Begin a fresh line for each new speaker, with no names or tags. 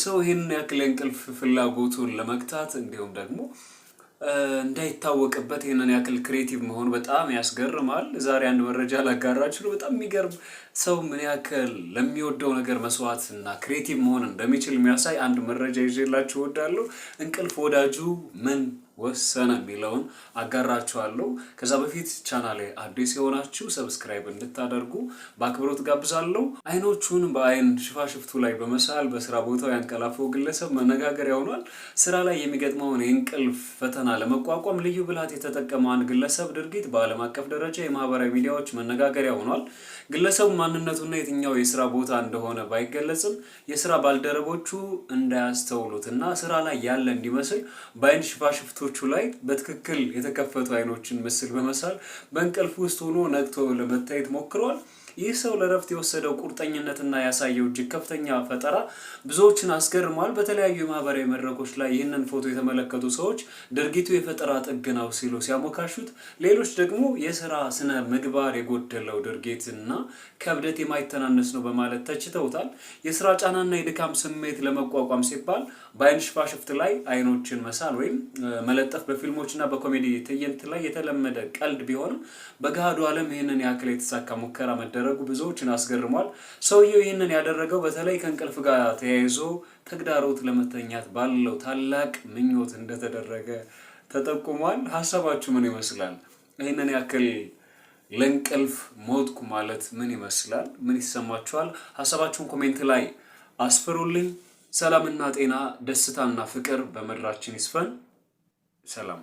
ሰው ይህን ያክል የእንቅልፍ ፍላጎቱን ለመግታት እንዲሁም ደግሞ እንዳይታወቅበት ይህንን ያክል ክሬቲቭ መሆኑ በጣም ያስገርማል። ዛሬ አንድ መረጃ ላጋራችሁ በጣም የሚገርም ሰው ምን ያክል ለሚወደው ነገር መስዋዕት እና ክሬቲቭ መሆን እንደሚችል የሚያሳይ አንድ መረጃ ይዤላችሁ እወዳለሁ። እንቅልፍ ወዳጁ ምን ወሰነ የሚለውን አጋራችኋለሁ። ከዛ በፊት ቻናሌ አዲስ የሆናችሁ ሰብስክራይብ እንድታደርጉ በአክብሮት ጋብዛለሁ። አይኖቹን በአይን ሽፋሽፍቱ ላይ በመሳል በስራ ቦታው ያንቀላፈው ግለሰብ መነጋገሪያ ሆኗል። ስራ ላይ የሚገጥመውን የእንቅልፍ ፈተና ለመቋቋም ልዩ ብልሃት የተጠቀመ አንድ ግለሰብ ድርጊት በዓለም አቀፍ ደረጃ የማህበራዊ ሚዲያዎች መነጋገሪያ ሆኗል። ግለሰቡ ማንነቱና የትኛው የስራ ቦታ እንደሆነ ባይገለጽም የስራ ባልደረቦቹ እንዳያስተውሉትና ስራ ላይ ያለ እንዲመስል በአይን ሽፋሽፍቱ ቶቹ ላይ በትክክል የተከፈቱ አይኖችን ምስል በመሳል በእንቅልፍ ውስጥ ሆኖ ነቅቶ ለመታየት ሞክሯል። ይህ ሰው ለረፍት የወሰደው ቁርጠኝነትና ያሳየው እጅግ ከፍተኛ ፈጠራ ብዙዎችን አስገርሟል። በተለያዩ የማህበራዊ መድረኮች ላይ ይህንን ፎቶ የተመለከቱ ሰዎች ድርጊቱ የፈጠራ ጥግ ነው ሲሉ ሲያሞካሹት፣ ሌሎች ደግሞ የስራ ስነ ምግባር የጎደለው ድርጊትና ከብደት የማይተናነስ ነው በማለት ተችተውታል። የስራ ጫናና የድካም ስሜት ለመቋቋም ሲባል በአይን ሽፋሽፍት ላይ አይኖችን መሳል ወይም መለጠፍ በፊልሞችና በኮሜዲ ትዕይንት ላይ የተለመደ ቀልድ ቢሆንም በገሃዱ ዓለም ይህንን ያክል የተሳካ ሙከራ መደረ መደረጉ ብዙዎችን አስገርሟል። ሰውየው ይህንን ያደረገው በተለይ ከእንቅልፍ ጋር ተያይዞ ተግዳሮት ለመተኛት ባለው ታላቅ ምኞት እንደተደረገ ተጠቁሟል። ሀሳባችሁ ምን ይመስላል? ይህንን ያክል ለእንቅልፍ ሞትኩ ማለት ምን ይመስላል? ምን ይሰማችኋል? ሀሳባችሁን ኮሜንት ላይ አስፍሩልኝ። ሰላምና ጤና፣ ደስታና ፍቅር በምድራችን ይስፈን። ሰላም